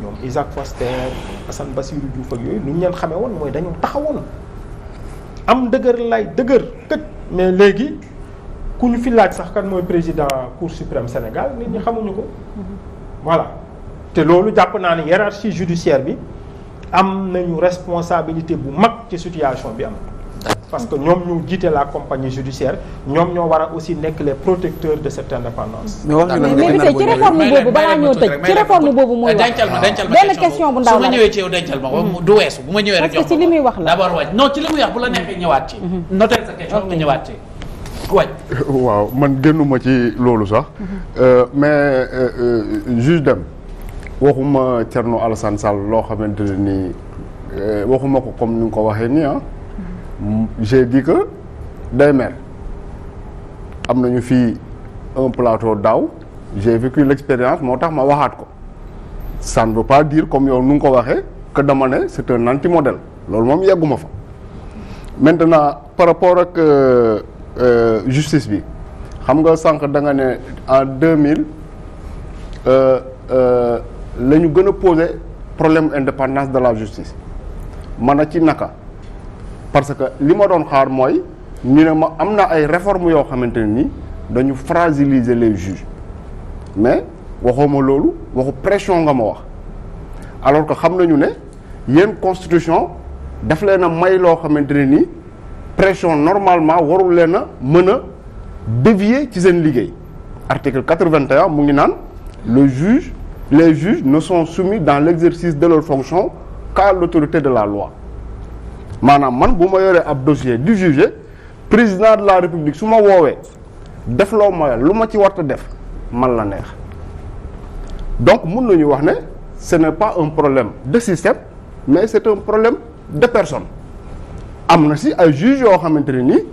ñoom Isaac Foster Assane Bassirou Diouf ak yooyu lu ñu leen xamee woon mooy dañu taxawoon am dëgër lay dëgër kët mais léegi ku ñu fi laaj sax kan mooy président cour suprême Sénégal nit ñi xamuñu ko. voilà te loolu jàpp naa ne hiérarchie judiciaire bi am nañu responsabilité bu mag ci situation bi am. parce que ñoom ñu jiite la compagnie judiciaire ñoom ñoo war a aussi nekk les protecteurs de cette indépendance. mais mais mais ci réforme boobu balaa ñoo tëj ci réforme boobu mooy wax dencal ma dencal question bu ndaw la du weesu bu ma ñëwee rek parce bu la neexee ñëwaat ci noter sa question nga ñëwaat ci waaj waaw man génnuma ci loolu sax mais juge dem waxuma Thierno Alassane Sall loo xamante ne nii waxuma ko comme ni nga ko waxee nii ah j'ai dit que day mer am nañu fii un plateau daaw j'ai vécu l'expérience moo tax ma waxaat ko san ne veut pas dire comme yow nu nga ko waxee que dama ne c'est nanti anti-modèle loolu moom yegguma fa maintenant par rapport ak euh, euh, justice bi xam nga sànq da nga ne en deux mille euh, la ñu gën a poser problème indépendance de la justice man a ci naka parce que li ma doon xaar mooy ñu ne ma am na ay réformes yoo xamante ne ni dañu fragiliser les juges mais waxoo ma loolu waxu pression nga ma wax alors que xam nañu ne yéen constitution daf leen a may loo xamante ne ni pression normalement warul leen a mën a dévier ci seen liggéey article 81 mu ngi naan le juge les juges ne son soumis dans l'exercice de leur fonction qu'à l'autorité de la loi maanaam man bu ma yoree ab dossier di juger président de la république su ma woowee def loo ma lu ma ci warta def man la neex donc mun nañu wax ne ce n'est pas un problème de système mais c'est un problème de personne am na si ay juges yoo xamante ne nii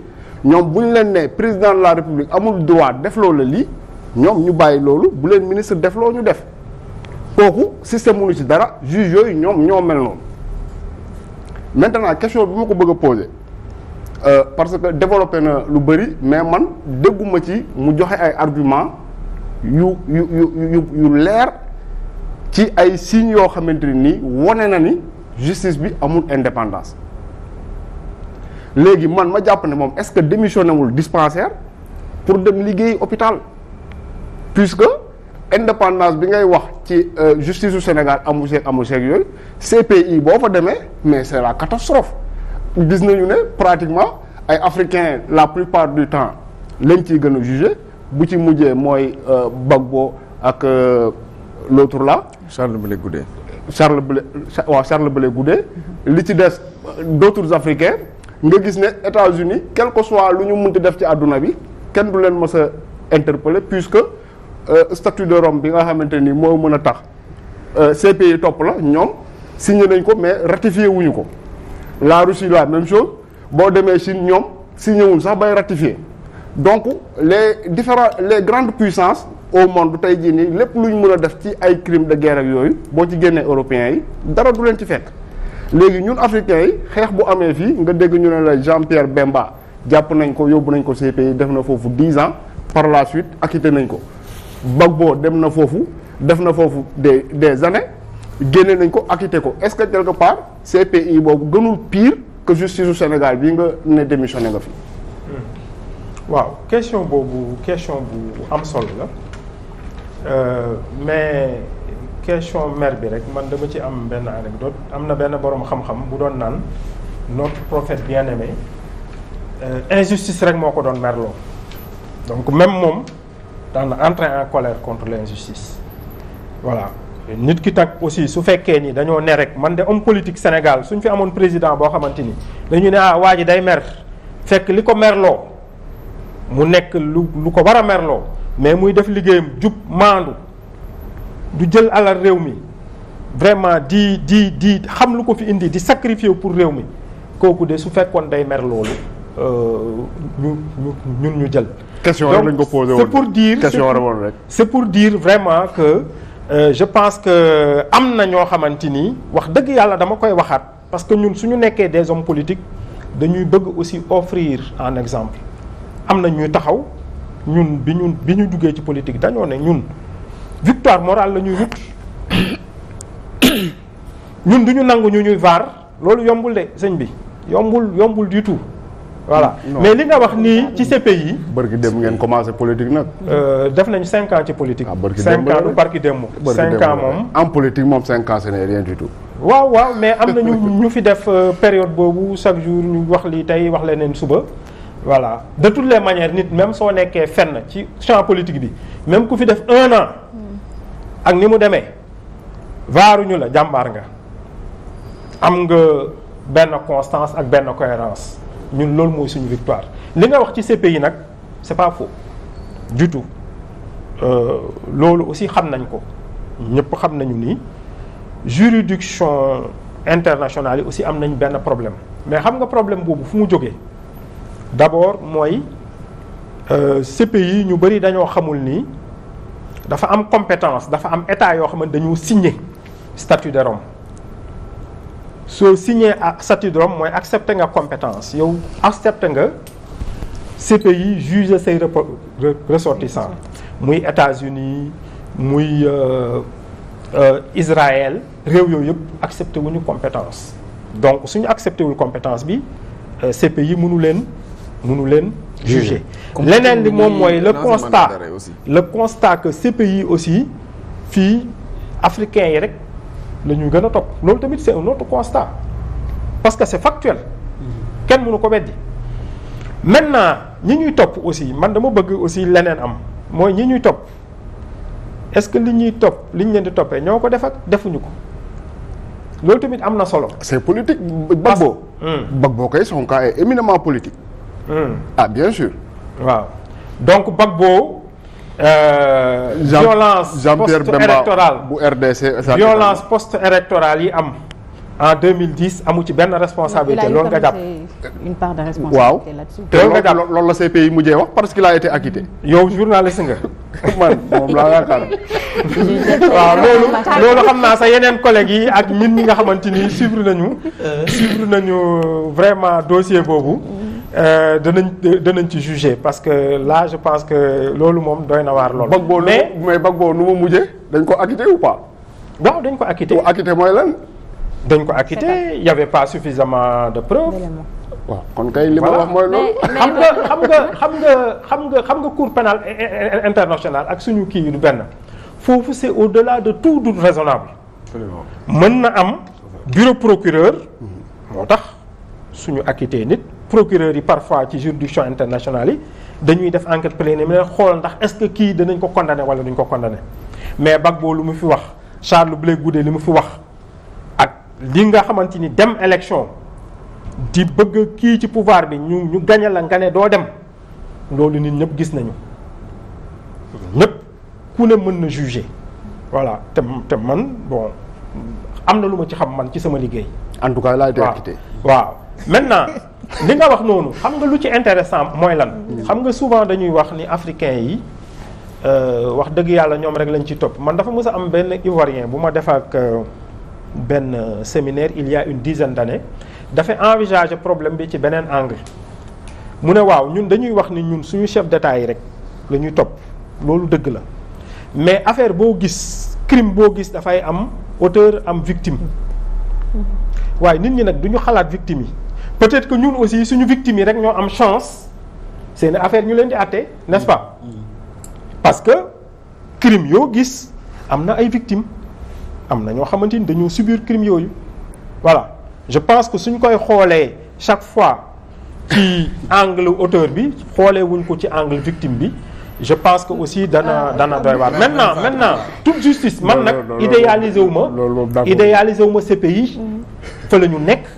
ñoom bu ñu leen nee président de la république amul droit def loo la lii ñoom ñu bàyyi loolu bu leen ministre def loo ñu def kooku système mënu ci dara juge yooyu ñoom ñoo mel noonu maintenant question bi ma ko bëgg a poser euh, parce que développé na lu bëri mais man dégguma ci mu joxe ay argument yu yu yu yu leer ci ay signes yoo xamante ni wone na ni justice bi amul indépendance léegi man ma jàpp ne moom est-ce que démissionné wul dispensaire pour dem liggéey hôpital puisque indépendance bi ngay wax ci euh, justice su Sénégal amu seeg amu yooyu CPI boo fa demee mais c'est la catastrophe gis nañu ne pratiquement ay africains la plupart du temps lañ ciy gën a jugé bu ci mujjee mooy euh, bo ak euh, l'autre là. Charles Blé Goudé. Charles Blé waaw Charles Blé Goudé li ci des d'autres africains nga gis ne États-Unis quel que soit lu ñu munti def ci àdduna bi kenn du leen mës a interpeller puisque. Euh, statut de Rome bi nga xamante ni moo mën a tax euh, CPI topp la ñoom signé nañ ko mais ratifié wuñu ko la Russie la même chose boo demee Chine ñoom signé wuñ sax bay ratifié donc les différents les grandes puissances au monde tey jii nii lépp luñ mën a def ci ay crimes de guerre ak yooyu boo ci génnee européens yi dara du leen ci fekk léegi ñun africains yi xeex bu amee fii nga dégg ñu ne la Jean Pierre Bemba jàpp nañ ko yóbbu nañ ko CPI def na foofu dix ans par la suite nañ ko boo dem na foofu def na foofu de des années génne nañ ko acquitté ko est-ce que quelque part CPI boobu gënul pire que justice u Sénégal bii nga ne démissionné nga fi. Hmm. waaw question boobu question bu am solo la euh, mais question mère bi rek man dama ci am benn anecdote am na benn boroom xam-xam bu doon naan notre prophète bien-aimé euh, injustice rek moo ko doon merloo donc même moom. daan entrer en colère contre l'injustice voilà nit ki tak aussi su fekkee nii dañoo ne rek man de homme politique Sénégal suñ fi amoon président boo xamante ni dañu ne ah waa ji day mer fekk li ko merloo mu nekk lu lu ko war a merloo mais muy def liggéeyam jub maandu du jël alal réew mi vraiment di di di xam lu ko fi indi di sacrifier pour réew mi kooku de su fekkoon day mer loolu euh, ñun ñu jël question rek lañ ko posé woon c'est pour dire question woon rek. c'est pour dire vraiment que euh, je pense que euh, am na ñoo xamante ni wax dëgg yàlla dama koy waxaat parce que ñun suñu nekkee des hommes politiques dañuy bëgg aussi offrir en exemple am na ñuy taxaw ñun bi ñu bi ñu duggee ci politique dañoo ne ñun victoire morale la wut ñun du ñu nangu ñu ñuy var loolu yombul de sëñ bi yombul yombul du tout. voilà mm, mais li nga wax nii ci CPI. bërki dem ngeen commencé politique nag. Euh, def nañu cinq ans ci politique. ah bërki dem cinq ans du barki moom. cinq moom. en politique moom cinq waaw waaw mais am na ñu ñu fi def euh, période boobu chaque jour ñu wax lii tey wax leneen suba. voilà de toutes les manières nit même soo nekkee fenn ci champ politique bi même ku fi def un an. ak ni mu demee. vaaruñu la jàmbaar nga. am nga benn constance ak benn cohérence ñun loolu mooy suñu victoire li nga wax ci yi nag c'est pas faux du tout euh, loolu aussi xam nañ ko ñëpp xam nañu ni juridiction internationale yi aussi am nañ benn problème mais xam nga problème boobu fu mu jógee d'abord mooy euh, CPI ñu bari dañoo xamul nii dafa am compétence dafa am état yoo xam ne dañoo signer statut de Rome soo signé ak statut de Rome mooy accepté nga compétence yow accepté nga CPI juge say ressortissants muy États-Unis muy euh, euh, Israël réew yooyu yëpp accepté ñu compétence donc suñu accepté wul compétence bi euh, CPI mënu leen munu leen juger leneen li moom mooy le constat le constat que CPI aussi fii africains yi rek la ñuy gën a topp loolu tamit c'est un autre constat parce que c'est factuel kenn mënu ko weddi maintenant ñi ñuy topp aussi man dama bëgg aussi leneen am mooy ñi ñuy topp est-ce que li ñuy topp li ñu leen di toppee ñoo ko defak defuñu ko loolu tamit am na solo. c'est politique Gbagbo. Hmm. Gbagbo kay son cas est éminemment politique. Hmm. ah bien sûr. waaw donc Gbagbo. Euh, violence post-électorale bu RDC violence post-électorale yi am en 2010 amu ci benn responsabilité loolu nga jàpp une part de responsabilité waaw te loolu nga jàpp loolu la CPI yi wax parce qu'il a été acquitté yow journaliste nga man waaw loolu xam naa sa yeneen collègues yi ak ñun ñi nga xamante ni suivre nañu euh. suivre nañu vraiment dossier boobu mm. Euh, danañ danañ ci juger parce que là je pense que loolu moom doy na waar lool. Gbagbo mais mais Gbagbo nu mu mujjee dañ ko acquitté ou pas. waaw dañ ko acquitté waaw acquitté mooy lan. dañ ko acquitté il y pas suffisamment de preuves. kon kay li ma wax mooy loolu. xam nga xam nga xam nga xam nga xam nga cour pénale internationale ak suñu kii yu du benn foofu c'est au-delà de tout doute raisonnable. mën na am bureau procureur moo tax suñu acquitté nit. procureur yi parfois ci juridiction internationale yi dañuy def enquête plénière mais xool ndax est-ce que kii danañ ko condamné wala duñ ko condamné mais bag boolu mu fi wax Charles Blé Goudé li mu fi wax ak li nga xamante ni dem élection di bëgg kii ci pouvoir bi ñu ñu gañe la nga ne doo dem loolu nit ñëpp gis nañu ñëpp ku ne mën na juger voilà te te man bon am na lu ma ci xam man ci sama liggéey. en tout cas laay teel li nga wax noonu xam nga lu ci intéressant mooy lan xam nga souvent dañuy wax ni africain yi euh, wax dëgg yàlla ñoom rek lañu ci topp man dafa mës a am benn ivoirien bu ma def ak euh, benn euh, séminaire il y a une dizaine d'années dafa envisager problème bi ci beneen angle mu ne waaw ñun dañuy wax ni ñun suñu chef d'état yi rek lañuy topp loolu dëgg la mais affaire boo gis crime boo gis dafay am auteur am victime mm-hmm. waaye nit ñi nag duñu xalaat victime yi peut-être que ñun aussi suñu victime yi rek ñoo am chance seen affaire ñu leen di àtte n'est-ce pas mm. Mm. parce que crime yoo gis am na ay victimes am na ñoo xamante ni dañoo subir crime yooyu voilà je pense que suñ koy xoolee chaque fois ci angle auteur bi xoolee wuñ ko ci angle victime bi je pense que aussi dana ah, dana doy waar maintenant maintenant toute justice man nag idéalisé wu ma idéalisé wu ma CPI mm. fa la ñu nekk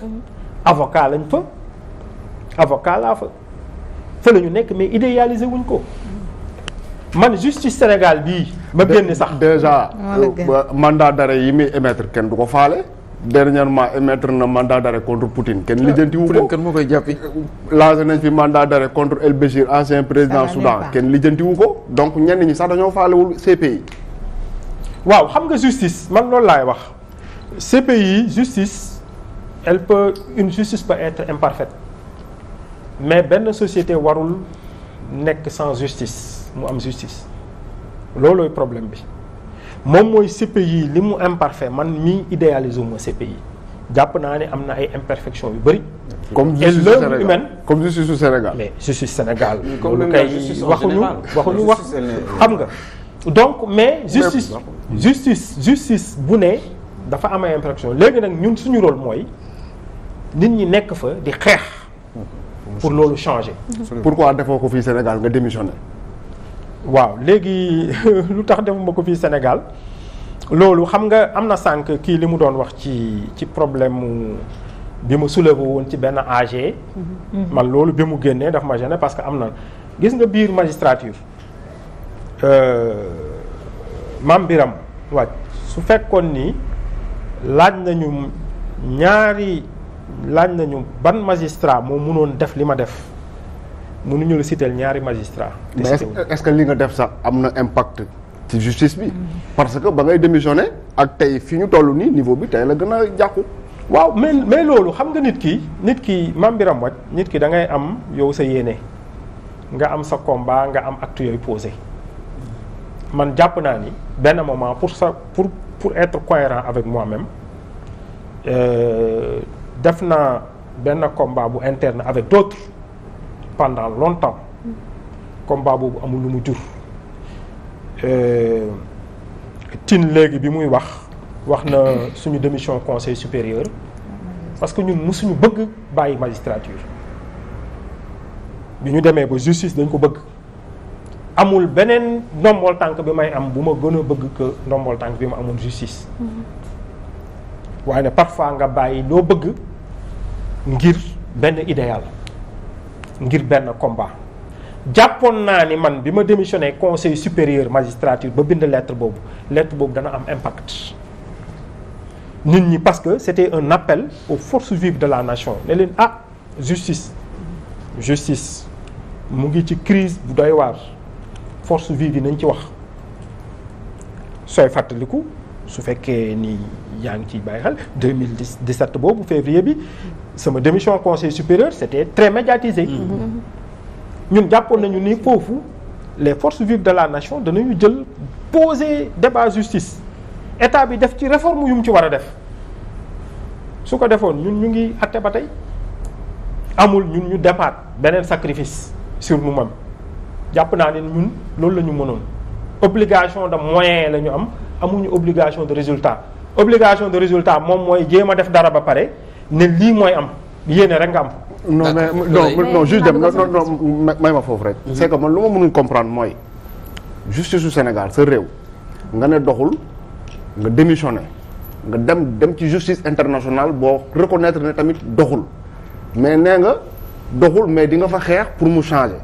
avocat lañ fa avocat laa fa fa la ñu nekk mais idéaliser wuñ ko man justice Sénégal bii. ma génn sax déjà euh, mandat d'arrêt yi muy émettre kenn du ko faale. dernièrement émettre na mandat d'arrêt contre Poutine kenn ah, lijjanti wu ko. kenn moo koy jàppi. Euh, lancé nañ fi mandat d'arrêt contre El Béchir ancien président Soudan kenn lijjanti ko donc ñenn ñi sax dañoo faalewul CPI. waaw xam nga justice man loolu laay wax CPI justice. elle peut une justice peut être imparfaite mais benn société warul nekk sans justice mu am justice loolooy problème bi moom mooy yi li mu imparfait man mi idéalise wu ma CPI jàpp naa ne am na ay imperfection yu bëri. comme justice Sénégal humaine comme justice su Sénégal. mais justice Sénégal. comme kay waxuñu waxuñu wax xam nga. donc mais justice justice justice bu ne dafa am ay imperfection léegi nag ñun suñu rôle mooy. nit ñi nekk fa di xeex. pour loolu changer. pourquoi defoo ko fii Sénégal nga démissionné. waaw léegi lu tax defuma ko fii Sénégal loolu xam nga am na sànq kii li mu doon wax ci ci problème mu bi ma soulevé woon ci benn age mm-hmm. man loolu bi mu génnee daf ma gêné parce que am na gis nga biir magistrature euh, Mame biram Wathie su fekkoon ni laaj nañu ñaari. laaj nañu ban magistrat moo mënoon def li ma def mënuñu la citer ñaari magistrat mais est-ce que li nga def sax am na impact ci justice bi parce que ba ngay démissionné ak tey fi ñu toll nii niveau bi tey la gën a jàqu waaw mais mais loolu xam nga nit ki nit ki ma Birame Wathie nit ki da ngay am yow sa yéene nga am sa combat nga am actu yooyu posé man jàpp naa ni benn moment pour sa pour pour être cohérent avec moi-même euh, def naa benn combat bu interne avec d'autres pendant longtemps combat boobu amul lu mu jur euh, tin léegi bi muy wax wax na suñu démission conseil supérieur parce que ñun mësuñu bëgg bàyyi magistrature bi ñu demee ba justice dañ ko bëgg amul beneen ndombool tànk bi may am bu ma gën a bëgg que ndombol tànk bi ma amul justice mm-hmm. waaye ne parfois nga bàyyi loo bëgg ngir benn idéal ngir benn combat jàppoon naa ni man bi ma démissionné conseil supérieur magistrature ba bind lettre boobu lettre boobu dana am impact nit ñi parce que c'était un appel aux forces vives de la nation ne leen ah justice justice mu ngi ci crise bu doy waar force vive yi nañ ci wax sooy fàttaliku su fekkee nii yaa ngi ciy bàyyi xel 2017 boobu février bi sama démission conseil supérieur c'était très médiatisé. Mm-hmm. Mm-hmm. ñun jàppoon nañu ni foofu les forces vives de la nation danañu jël poser débat justice état bi def ci réforme yu mu ci war a def su ko defoon ñun ñu ngi atte ba tey amul ñun ñu demaat beneen sacrifice sur nous-mêmes jàpp naa ne ñun loolu la ñu mënoon obligation de moyen la ñu am. amuñu obligation de résultat obligation de résultat moom mooy jéema def dara ba pare ne lii mooy am yéene rek nga am. non mais non non juste dem non non may ma foofu rek. Mhm. c'est que man lu ma mënul comprendre mooy justice su Sénégal sa réew nga ne doxul nga démissionné nga dem dem ci justice internationale boo reconnaître ne tamit doxul mais nee nga doxul mais di nga fa xeex pour mu changer.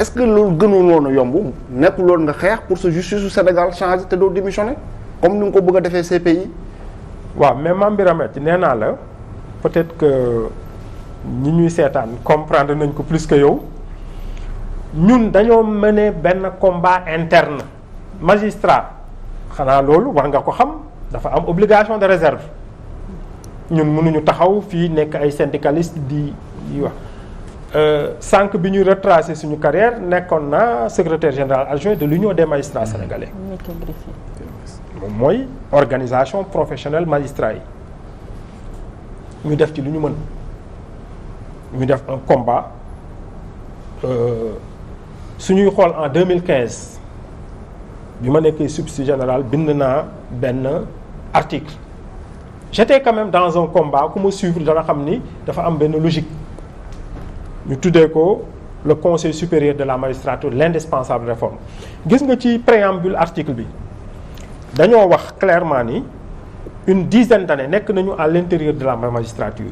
est-ce que loolu gënoon woon yomb nekkul loolu nga xeex pour sa justice su Sénégal changer te doo démissionner comme ni nga ko bëgg a defee CPI. waaw mais Mame Birame ci nee naa la peut-être que ñi ñuy seetaan comprendre nañ ko plus que yow ñun dañoo mener benn combat interne magistrat xanaa loolu war nga ko xam dafa am obligation de réserve ñun mënuñu taxaw fii nekk ay syndicaliste di di wax. Euh, sànq bi ñuy retracé suñu carrière nekkoon na secretaire général adjoint de l'union des magistrats sénégalais. mooy organisation professionnelle magistrat yi ñu def ci lu ñu mën ñu def un combat euh, suñuy xool en 2015 bi ma nekkee substitut général bind naa benn article j'étais quand dans un combat ku ma suivre dana xam ni dafa am benn logique ñu tuddee ko le conseil supérieur de la magistrature l'indispensable réforme gis nga ci préambule article bi dañoo wax clairement ni une dizaine d'années nekk nañu à l'intérieur de la magistrature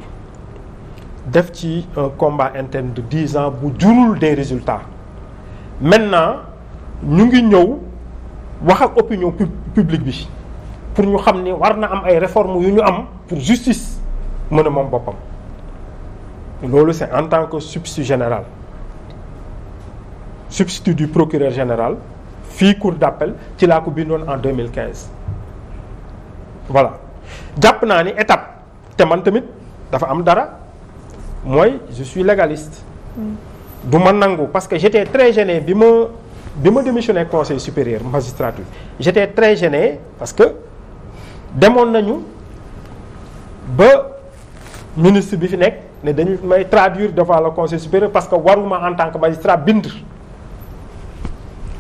def ci un combat interne de ans bu jurul des résultats maintenant ñu ngi ñëw wax ak opinion publique bi pour ñu xam ni war na am ay réformes yu ñu am pour justice mën moom boppam loolu c'est en tant que substitut général substitut du procureur général fii cour d'appel ci laa ko bindoon en 2015 voilà jàpp naa ni étape te man tamit dafa am dara mooy je suis légaliste mm. du ma nangu parce que j'étais très gêné bi ma bi ma démissionné conseil supérieur magistrature j'étais très gêné parce que demoon nañu ba ministre bi fi nekk ne dañu may traduire devant le conseil supérieur parce que waruma en tant que magistrat bind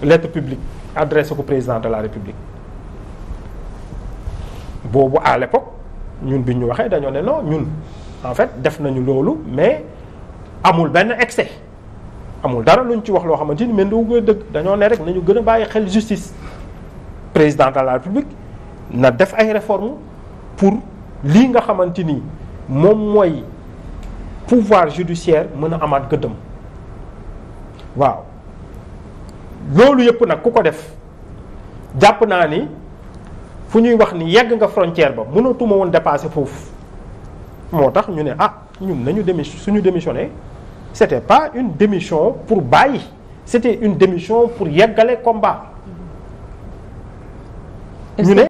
lettre publique adressé ko président de la république boobu à l'époque ñun bi ñu waxee dañoo ne non ñun en fait def nañu loolu mais amul benn excès amul dara luñ ci wax loo xamante ni mën doo dëgg dañoo ne rek nañu gën a bàyyi xel justice président de la république na def ay réformes pour lii nga xamante ni moom mooy pouvoir judiciaire mën a amaat gëddëm waaw loolu yëpp nag ku ko def jàpp naa ni fu ñuy wax ni yegg nga frontière ba mënatuma woon dépasser foofu moo tax ñu ne ah ñu nañu démi suñu démissionné c'était pas une démission pour bàyyi c'était une démission pour yeggale combat ñu ne